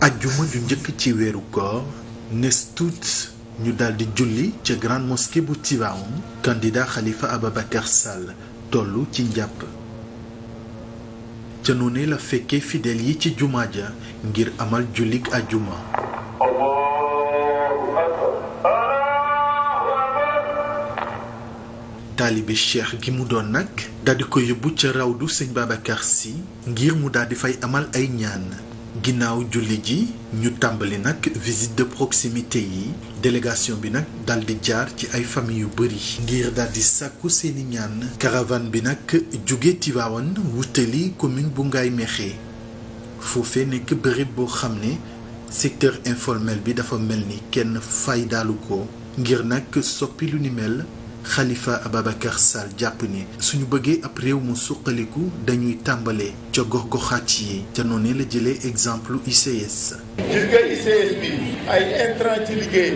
ajjuma ju njëkk ci weeru koor nes tuut ñu daldi julli ca grande mosquée bu Tivaouane candidat Khalifa Ababacar Sall tollu ci njàpp ca noonee la fekkee fidèle yi ci jumaa ja ngir amal jullig ajjuma taalibe cheikh gi mu doon nag daldi ko yóbbu ca rawdu sëñ Babacar si ngir mu daldi fay amal ay ñaan ginnaaw julli ji ñu tàmbali nag visite de proximité yi délégation bi nag dal di jaar ci ay famille yu bëri ngir dal di sàkku seeni ñaan caravane bi nag jóge Tivaouane wutali commune bu ngay Mékhé foofee nekk bërëb boo xam ne secteur informel bi dafa mel ni kenn faydaalu ko ngir nag soppi lu ni mel xalifa Ababacar Sall jàpp ni suñu bëggee ab réew mu suqaliku dañuy tàmbalee ca gox-goxaat yi te noonu la jëlee exemple ICS. gis nga bi ay intrant ci liggéey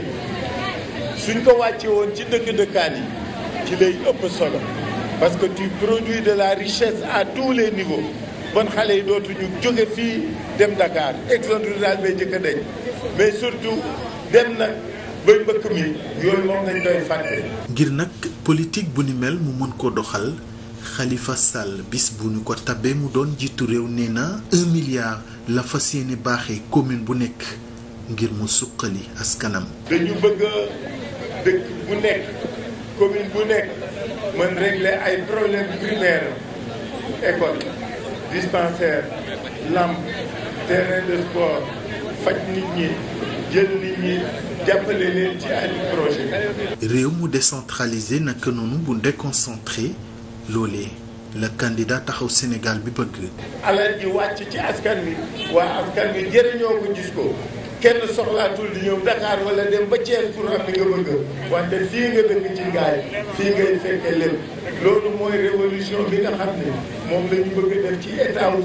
suñ ko wàcce woon ci dëkk-dëkkaan yi ci lay solo parce que tu produis de la richesse à tous les niveaux bon xale yi dootuñu jóge fii dem Dakar exode rural bay njëkk a mais surtout dem na. bay mbëkk mi yooyu moom dañ doy fàtte. ngir nag politique bu ni mel mu mën ko doxal Khalifa Sall bis bu ñu ko tabee mu doon jiitu réew nee na un milliard la fas yéene baaxee commune bu nekk ngir mu suqali askanam. dañu bëgg dëkk bu nekk commune bu nekk mën régler ay problème primaire école dispensaire lampe terrain de sport faj nit ñi. jël nit ñi jàppale leen ci ay projet réew mu décentralisé naka noonu bu déconcentré loolee la candidat taxaw Sénégal bi bëgg. alal ji wàcc ci askan wi waa askan wi jëriñoo ko gis kenn soxlaatul di ñëw Dakar wala dem ba Thiès pour am li nga bëgg wante fii nga dëkk ci ngaay fii ngay fekkee lépp loolu mooy révolution bi nga xam ne moom la bëgg def ci état wu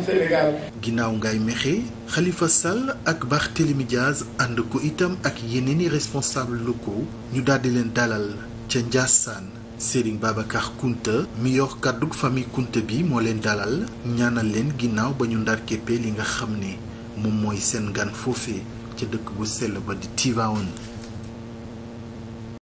ginnaaw ngay mexe Khalifa Sall ak Barthélémy Diaz ànd ko itam ak yeneen i responsables locaux ñu daldi leen dalal ca Ndiassane. Serigne Babacar Kounta mi yor kàddug famille bi moo leen dalal ñaanal leen ginnaaw ba ñu ndar képpee li nga xam ne moom mooy seen gan foofee ca dëkk bu sell ba di Tivaouane